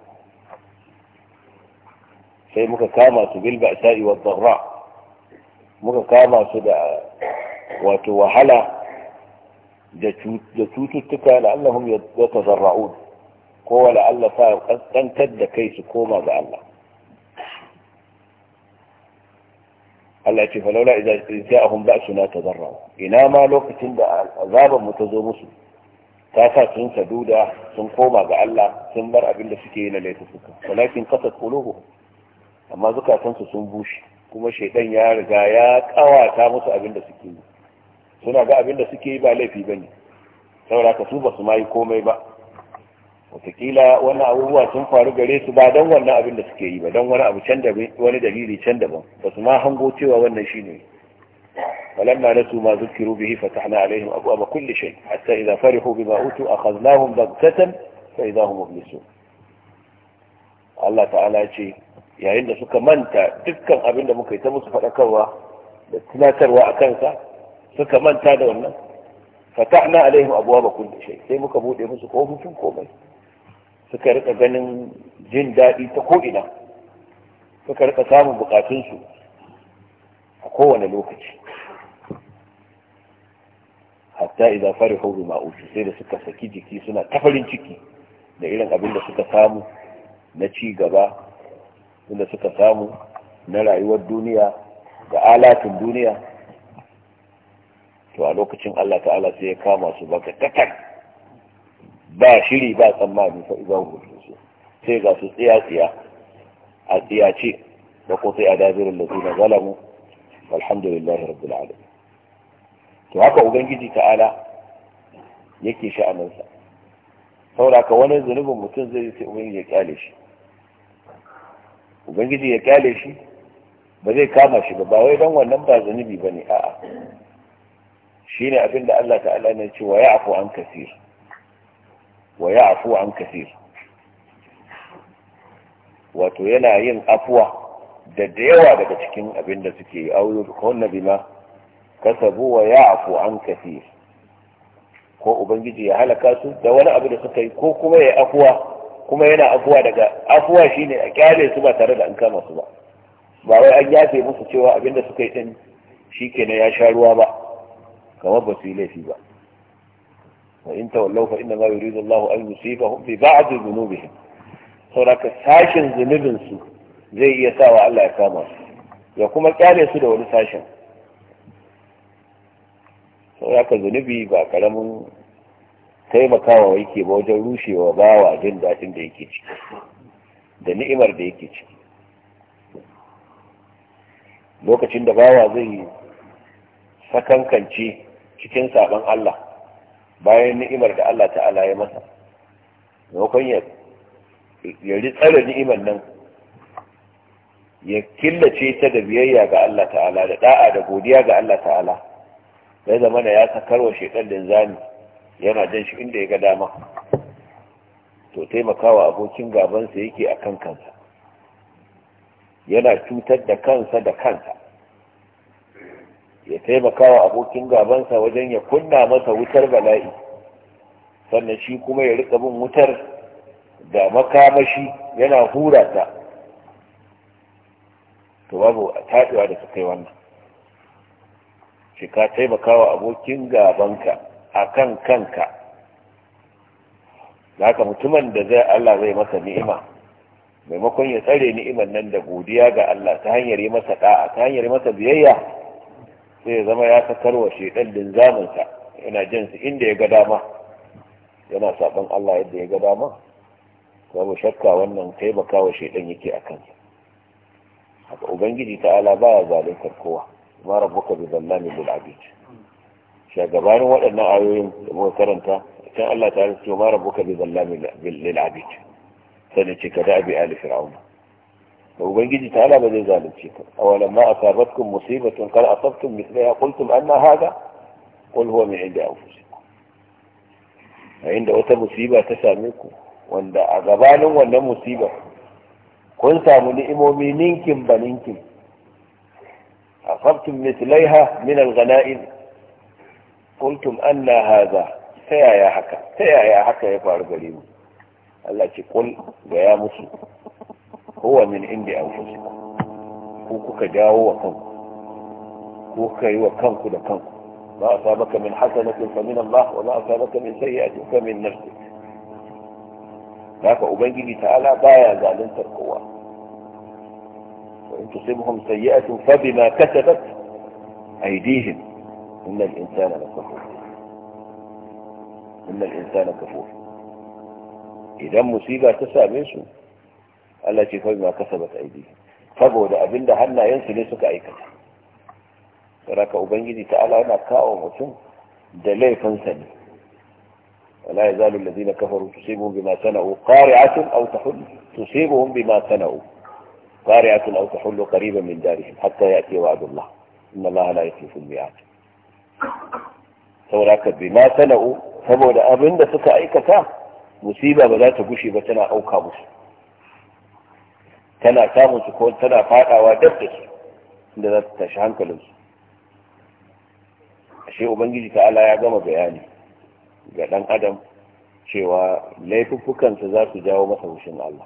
A: sai muka kama su bilba sa'i wa جتوت التكا لعلهم يتزرعون قوة لعل فاو تنتد كيس كوما بعلا قال لك فلولا إذا جاءهم بأس لا تضرعوا إنما لوك تنبع عذاب متزومس تاسا تنسى دودا تنقوما بعلا تنبرع بلا سكينة ليتفك ولكن قصد قلوبهم أما ذكا تنسى سنبوش كما شيطان يا رجايا كواتا مسأ بلا سكينة suna ga abin da suke yi ba laifi ba ne saboda ka su ba su ma yi komai ba wataƙila wani abubuwa sun faru gare su ba don wannan abin da suke yi ba don wani abu can da wani dalili can daban ba su ma hango cewa wannan shine فلما نسوا ما ذكروا به فتحنا عليهم أبواب كل شيء حتى إذا فرحوا بما أوتوا أخذناهم بغتة فإذا هم مبلسون الله تعالى شيء yayin da suka manta dukkan abin da muka yi ta musu fadakarwa da tunatarwa a kansa suka manta da wannan fatahna alaihim abwaaba kulli shay sai muka bude musu kofofin komai suka rika ganin jin daɗi ta ko'ina, ina suka rika samun bukatunsu a kowane lokaci hatta idan farihu hauru utu sai da suka saki jiki suna ta farin ciki da irin abin da suka samu na ci gaba inda suka samu na rayuwar duniya da alatin duniya to a lokacin Allah ta'ala sai ya kama su baka takar ba shiri ba tsammani fa idan hudu su sai ga su tsiya tsiya a tsiyace da ko sai a dabirin lazina zalamu alhamdulillah rabbil alamin to haka ubangiji ta'ala yake sa saboda ka wani zunubin mutum zai sai ubangiji ya kyale shi ubangiji ya kyale shi ba zai kama shi ba ba wai dan wannan ba zunubi bane a'a ne abin da Allah ta'ala ne ce wa ya'fu an kasir wa ya'fu an kasir wato yana yin afuwa da da yawa daga cikin abin da suke yi auyo kunna bima kasabu wa ya'fu an kasir ko ubangiji ya halaka su da wani abu da suka yi ko kuma ya afuwa kuma yana afuwa daga afuwa shine a kyale su ba tare da an kama su ba ba wai an yafe musu cewa abin da suka yi din shikenan ya sha ruwa ba kamar ba su yi laifi ba wa in tawallaw fa inna ma yuridu Allah an yusibahum bi ba'd dhunubihim saboda sashin zunubin su zai iya sawa Allah ya kama su ya kuma kyale su da wani sashin saboda zunubi ba karamin taimakawa yake ba wajen rushewa bawa jin daɗin da yake ciki da ni'imar da yake ciki lokacin da bawa zai sakankance cikin sabon Allah bayan ni'imar da Allah ta'ala ya masa maimakon ya ya ni'imar nan ya killace ta da biyayya ga Allah ta'ala da da'a da godiya ga Allah ta'ala ya zama da ya sakarwa shekar Zani yana jan shi inda ya ga dama to taimakawa abokin gabansa yake a kan kansa yana cutar da kansa da kansa ya taimaka wa abokin gabansa wajen ya kunna masa wutar bala'i sannan shi kuma ya rika bin wutar da makamashi yana hura ta to babu taɗewa da ta kai wannan shi ka taimaka wa abokin gabanka a kan kanka haka mutumin da zai Allah zai masa ni'ima maimakon ya tsare ni'iman nan da godiya ga Allah ta hanyar yi masa da'a ta hanyar yi masa biyayya sai zama ya sakarwa shedan din zamansa yana jin inda ya ga dama yana saban Allah yadda ya ga dama babu shakka wannan taimakawa shedan yake a kansa haka ubangiji ta'ala baya zaluntar kowa ma ka bi zallami lil abid shi waɗannan ayoyin da muka karanta can Allah ta ce ma rabbuka bi zallami lil abid sai ce ka da abi ali fir'auna ba ubangiji ta ala ba zai zalunce ka awalan ma asabatkum musibatun kar asabtum mithlaha qultum anna hadha qul huwa min indi anfusikum A inda wata musiba ta same ku wanda a gabanin wannan musiba kun samu ni'imomi ninkin ba ninkin a asabtum mithlaiha min al-ghanaim qultum anna hadha ta yaya haka ta yaya haka ya faru gare mu Allah ce kul ga ya musu هو من عند أنفسكم كوكك جاو وكنك كوكك أيوة وكنك لكنك ما أصابك من حسنة فمن الله وما أصابك من سيئة فمن نفسك فأبنجي تعالى بايا ذالين تركوا وإن تصيبهم سيئة فبما كسبت أيديهم إن الإنسان لكفور إن الإنسان كفور إذا مصيبة تسامسه Allah ce kawai ma ta aidi saboda abinda hannayensu ne suka aikata saraka ubangiji ta Allah yana kawo mutum da laifin sa ne wala yazalu allazina kafaru tusibuhum bima sana'u qari'atun aw tahul tusibuhum bima sana'u qari'atun aw tahul qariban min darihim hatta ya'ti wa'dullah inna Allah la yukhlifu al-mi'ad ka bima sana'u saboda abinda suka aikata musiba ba za ta gushe ba tana auka musu tana samun su ko tana fadawa dab da su inda za ta tashi hankalinsu ashe ubangiji ta Ala ya gama bayani ga dan adam cewa laifuffukansa za su jawo masa hushin Allah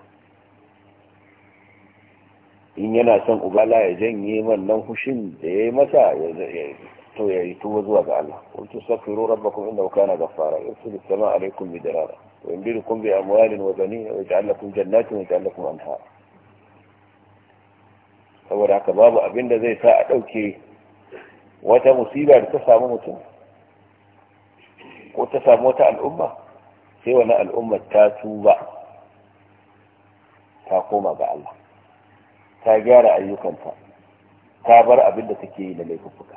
A: in yana son ubala ya janye wannan hushin da ya yi masa to ya yi tuwa zuwa ga Allah kuntu safiru rabbakum innahu kana ghaffara yursilu sama alaykum bidara wa yumdidukum bi amwalin wa banin wa yaj'al jannatin wa yaj'al anhara saboda haka babu abin da zai sa a ɗauke wata musiba da ta samu mutum ko ta samu wata al'umma sai wani al'umma ta tuba ta koma ga Allah ta gyara ayyukanta ta bar abin da take yi na laifuka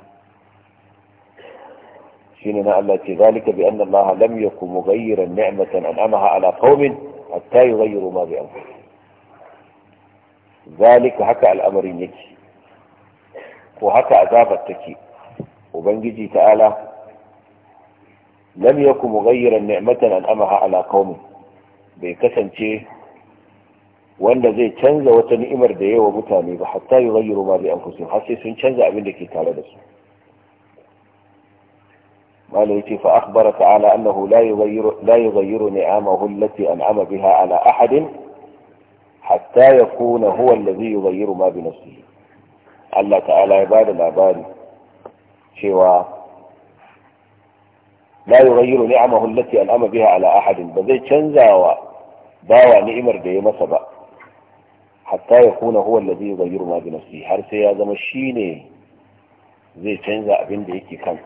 A: shine na Allah ce zalika bi anna Allah lam yakun mughayyiran ni'matan an'amaha ala qaumin hatta yughayyiru ma bi anfusihim zalika haka al'amarin yake ko haka azabar take ubangiji ta'ala lam yakun mughayyiran ni'matan an'amaha ala qaumin bai kasance wanda zai canza wata ni'imar da yawa mutane ba hatta yughayyiru ma bi anfusihim har sai sun canza abin da ke tare da su قالوا فأخبر أخبر تعالى أنه لا يغير, لا يغير نعمه التي أنعم بها على أحد حتى يكون هو الذي يغير ما بنفسه الله تعالى عباد العباد شوى لا يغير نعمه التي أنعم بها على أحد بذي تنزى وباوى نعمر دي مسبا حتى يكون هو الذي يغير ما بنفسه هل سيادة مشيني زي تشنزا أبن ديكي كانت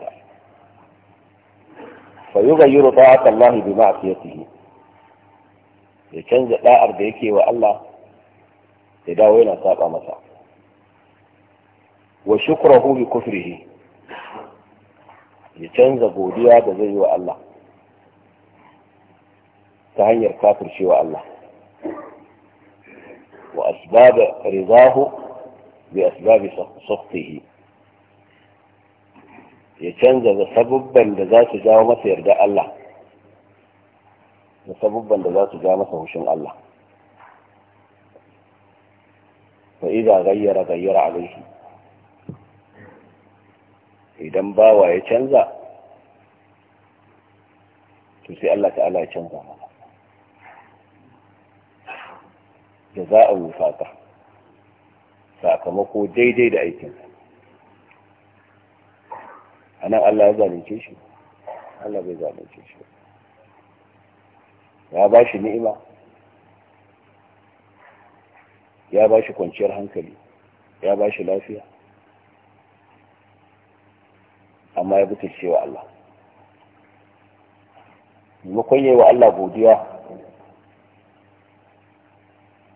A: فيغير طاعة الله بمعصيته ya canza da'ar da والله ya dawo yana saba masa wa shukrahu bi kufrihi ya canza godiya da zai yi wa Allah ta hanyar kafircewa Allah wa asbab ridahu bi asbab sakhtihi ya canza da sabubban da za su jawo masa yarda Allah da sabubban da za su jawo masa hushin Allah fa'iza gayyara gayyara alaihi idan bawa ya canza to sai Allah ta'ala ya canza mana da za a wufaka sakamako daidai da aikinsa a nan Allah ya zalunce shi Allah bai zalunce shi ya ba ni'ima ya ba shi kwanciyar hankali ya ba shi lafiya amma ya butulce wa Allah maimakon yi wa Allah godiya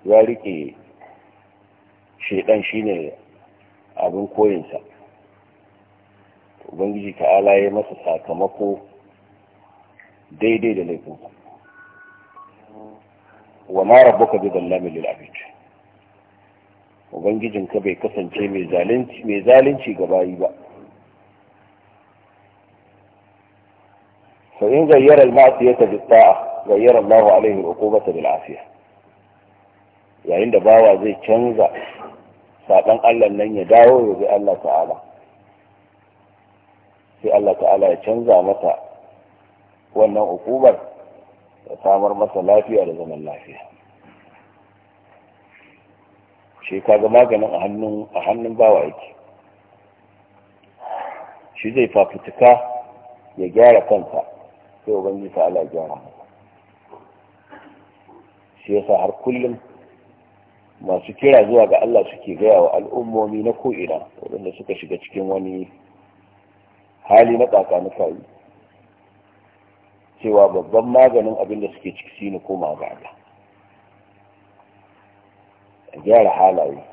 A: ya rike shaidan shine abin koyinsa ubangiji ta'ala ya masa sakamako daidai da laifin wa ma rabbuka bi dhallamin lil abid ka bai kasance mai zalunci ga bayi ba fa in gayyara al-ma'siyata bi ta'a gayyara Allahu alaihi wa uqubata bil afiya yayin da bawa zai canza saban Allah nan ya dawo ya bi Allah ta'ala sai Allah ta'ala ya canza mata wannan uqubar ya samar masa lafiya da zaman lafiya shi kaga maganin a hannun a hannun bawa yake shi zai fafutuka ya gyara kanta, sai ubangiji ta ala gyara shi yasa har kullum masu kira zuwa ga Allah suke gaya wa al'ummomi na ko'ina waɗanda suka shiga cikin wani hali na ƙaƙanuka cewa babban maganin abinda suke ciki ne koma ga Allah a gyara halaye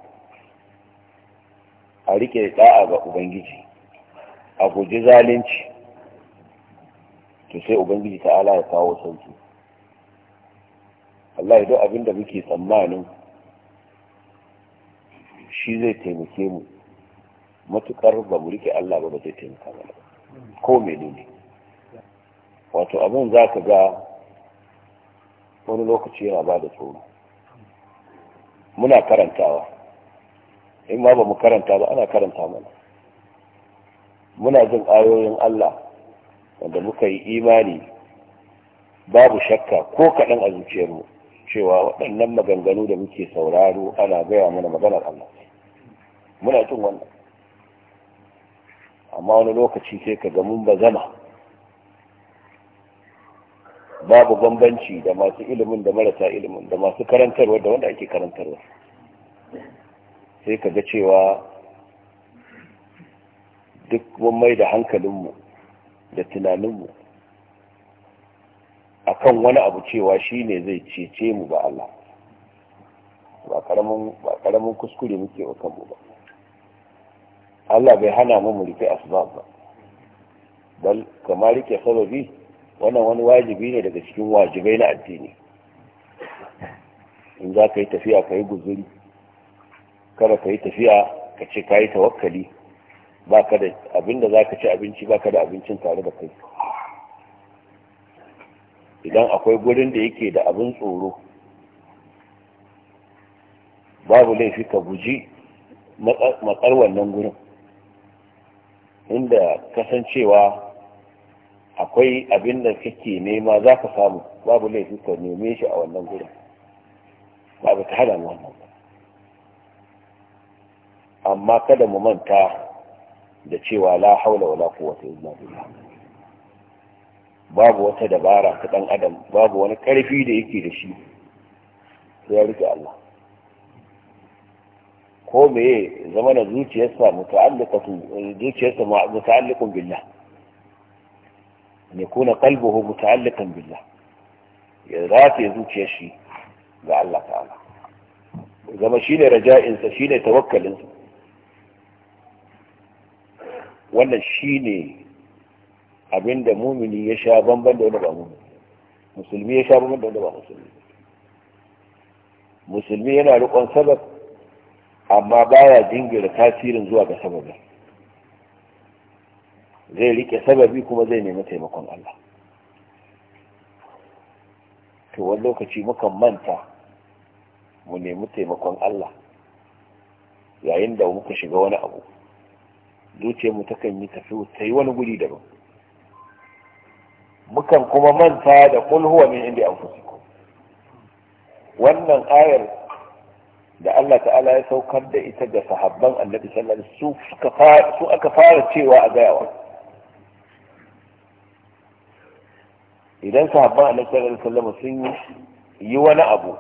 A: a rike ɗa'a ga ubangiji a guji zalunci to sai ubangiji ta ala ya kawo sauki Allah duk abin da muke tsammanin shi zai taimake mu matukar ba mu rike Allah ba ba zai taimaka ba ko menene wato abin za ka ga wani lokaci yana ba da tsoro muna karantawa in ma ba mu karanta ba ana karanta mana muna jin ayoyin Allah wanda muka yi imani babu shakka ko kaɗan a zuciyarmu cewa waɗannan maganganu da muke sauraro ana gaya mana maganar Allah muna jin wannan amma wani lokaci sai ka ga mun ba zama babu bambanci da masu ilimin da marasa ilimin da masu karantarwa da wanda ake karantarwa sai ka ga cewa duk mun mai da hankalinmu da tunaninmu akan wani abu cewa shi ne zai cece mu ba Allah ba karamin kuskure muke wa kanmu ba Allah bai hana mu mu rike asbab ba bal kamar rike sababi wannan wani wajibi ne daga cikin wajibai na addini in za ka yi tafiya ka yi guzuri kada ka yi tafiya ka ce ka yi tawakkali ba ka da abinda za ka ci abinci ba ka da abincin tare da kai idan akwai gurin da yake da abin tsoro babu laifi ka guji matsar wannan gurin inda kasancewa akwai abin da kake nema za ka samu babu laifi ka neme shi a wannan gurin babu ta hada wannan amma kada mu manta da cewa la haula wala quwwata illa billah babu wata dabara ta dan adam babu wani karfi da yake da shi ya rike Allah ko me zama na zuciyarsa muta'alliqatu zuciyarsa muta'alliqun billah an yakuna qalbuhu muta'alliqan billah ya rafe zuciyar shi ga Allah ta'ala zama shine raja'insa shine tawakkalinsa wannan shine abinda mumini ya sha bamban da wanda ba mumini musulmi ya sha bamban da wanda ba musulmi musulmi yana rikon sabab amma baya jingira tasirin zuwa ga sababin zai rike sababi kuma zai nemi taimakon Allah to wani lokaci mukan manta mu nemi taimakon Allah yayin da muka shiga wani abu mu takan yi tafi ta yi wani guri daban mukan kuma manta da kul huwa min indi anfusikum wannan ayar da Allah ta'ala ya saukar da ita ga sahabban annabi sallallahu alaihi wasallam su aka fara cewa a gayawa idan sahabban annabi sallallahu da wasallam sun yi wani abu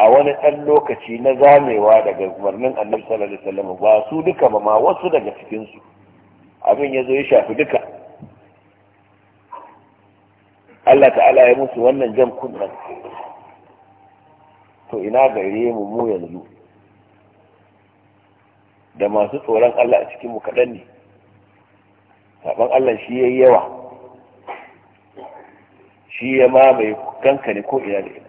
A: a wani ɗan lokaci na zamewa daga umarnin annabi sallallahu alaihi wasallam ba su duka ba ma wasu daga cikin su abin ya zo ya shafi duka Allah ta'ala ya musu wannan jan kunnan to ina gare mu mu yanzu da masu tsoron Allah a cikin mu kaɗan ne saban Allah shi yayi yawa shi ya mamaye kankane ko ina da ina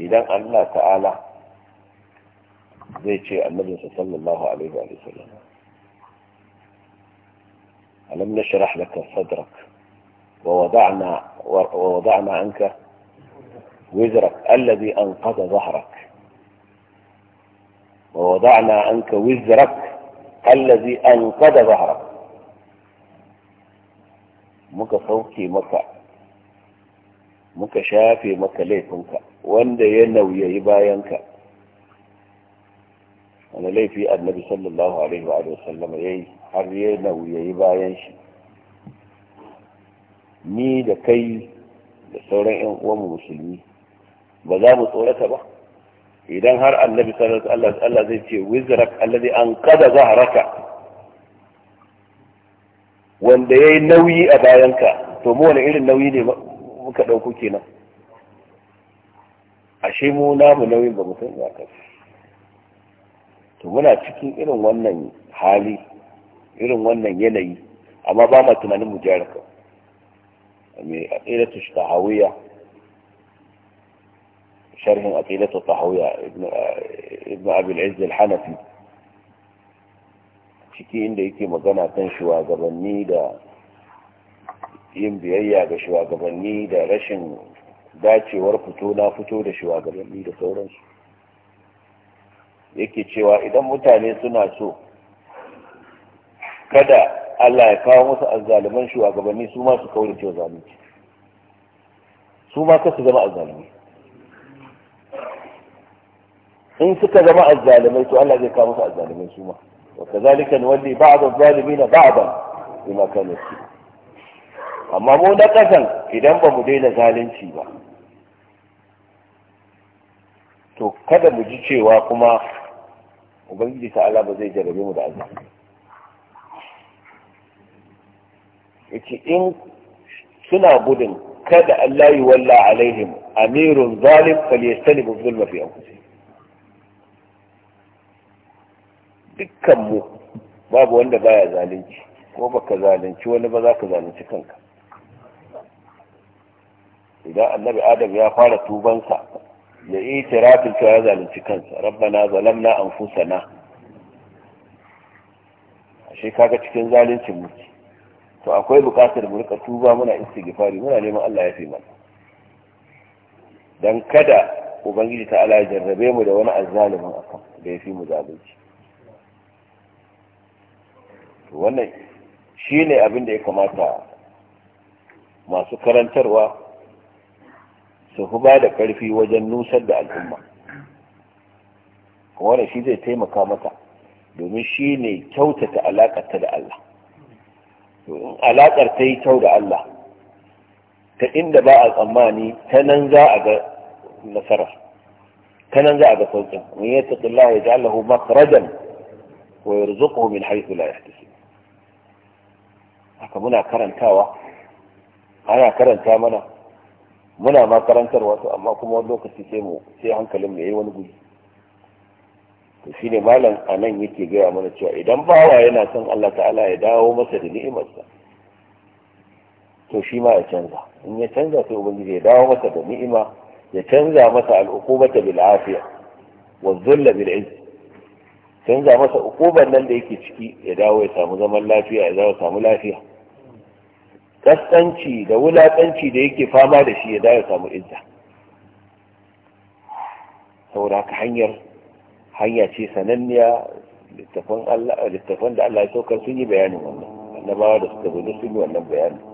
A: idan Allah ta'ala zai ce annabinsa sallallahu alaihi wa sallam alam nashrah laka sadrak wa wada'na wa wada'na anka wizrak alladhi anqadha dhahrak wa wada'na anka wizrak alladhi anqadha dhahrak muka sauke maka muka shafe maka laifinka wanda ya nauyayi bayanka wani laifi annabi sallallahu alaihi wa sallama ya yi har ya nauyayi bayan shi ni da kai da sauran 'yan uwanmu musulmi ba za mu tsorata ba idan har annabi sallallahu alaihi Allah zai ce wizrak allazi an kada zaharaka wanda ya yi nauyi a bayanka to mu wani irin nauyi ne muka ɗauko kenan ashe mu namu nauyin ba mu ya kasu to muna cikin irin wannan hali irin wannan yanayi amma ba ma tunanin mu gyara kan mai aqidatu tahawiyya sharhin a tahawiyya eh, ibn abi al-izz al-hanafi ciki inda yake magana kan shuwagabanni da yin biyayya ga shugabanni da rashin dacewar fito na fito da shugabanni da sauransu yake cewa idan mutane suna so kada Allah ya kawo musu azzaliman shugabanni su ma su kauri cewa zalunci su ma kasu zama azzalumi in suka zama azzalimai to Allah zai kawo musu azzalumai su ma wa kazalika nuwalli ba'da az na ba'da bima kana yasifun amma mu na ƙasan idan ba mu daina zalunci ba to kada mu ji cewa kuma ubangiji ta'ala ba zai jarabe mu da azabi yace in suna gudun kada Allah yi walla alaihim amirun zalim falyastanibu zulma fi anfusihim dukkan mu babu wanda baya zalunci ko baka zalunci wani ba za ka zalunci kanka idan annabi adam ya fara tubansa da itirafin cewa ya zalunci kansa rabbana zalamna anfusana ashe kaga cikin zaluncin muke to akwai bukatar mu rika tuba muna istighfari muna neman Allah ya fi mana dan kada ubangiji ta ala jarrabe mu da wani azzalumin akan da ya fi mu zalunci to wannan shine abin da ya kamata masu karantarwa su fi ba da ƙarfi wajen nusar da al'umma wanda shi zai taimaka mata domin shi ne kyautata alaƙarta da Allah domin alaƙar ta yi kyau da Allah ta inda ba a tsammani ta nan za a ga nasarar ta nan za a ga sauƙin wani ya ta Allah ya ja'ala hu makarajan wa yarzuquhu min haythu la yahtasib haka muna karantawa ana karanta mana muna ma karantar wasu amma kuma wani lokaci sai mu sai hankalin mu yayi wani guri to shine malam anan yake gaya mana cewa idan bawa yana son Allah ta'ala ya dawo masa da ni'imarsa to shi ma ya canza in ya canza sai ubangiji ya dawo masa da ni'ima ya canza masa al'uqubata bil afiya wa dhulla bil izz canza masa uquban nan da yake ciki ya dawo ya samu zaman lafiya ya dawo samu lafiya kaskanci da wulakanci da yake fama da shi ya dawo samu izza saboda haka hanyar hanya ce sananniya littafan da Allah ya saukar sun yi bayanin wannan annabawa da suka zo sun yi wannan bayanin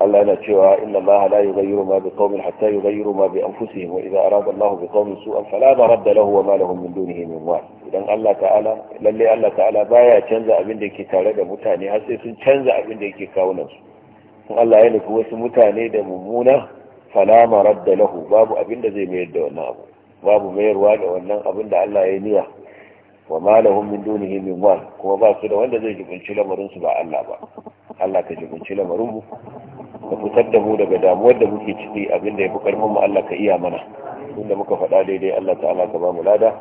A: Allah yana cewa inna Allah la yughayyiru ma biqaumin hatta yughayyiru ma bi anfusihim wa idza arada Allah bi qaumin su'an fala radda lahu wa ma lahum min dunihi min wal idan Allah ta'ala lalle Allah ta'ala baya canza abin da yake tare da mutane har sai sun canza abin da yake kawo nan su Allah ya nufi wasu mutane da mummuna fala radda lahu babu abin da zai mayar da wannan abu babu mayarwa da wannan abin da Allah ya niya wa ma lahum min dunihi min wal kuma ba su da wanda zai jibinci lamarin su ba Allah ba Allah ka jibinci lamarin mu ka fitar da mu daga damuwar da muke ciki abinda ya fi karfin mu Allah ka iya mana inda muka faɗa daidai Allah ta'ala ka ba mu lada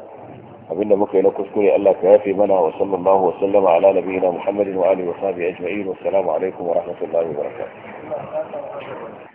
A: abinda muka yi na kuskure Allah ka yafe mana wa sallallahu wa sallama ala nabiyina Muhammadin wa alihi wa sahbihi ajma'in wa assalamu alaikum wa rahmatullahi wa barakatuh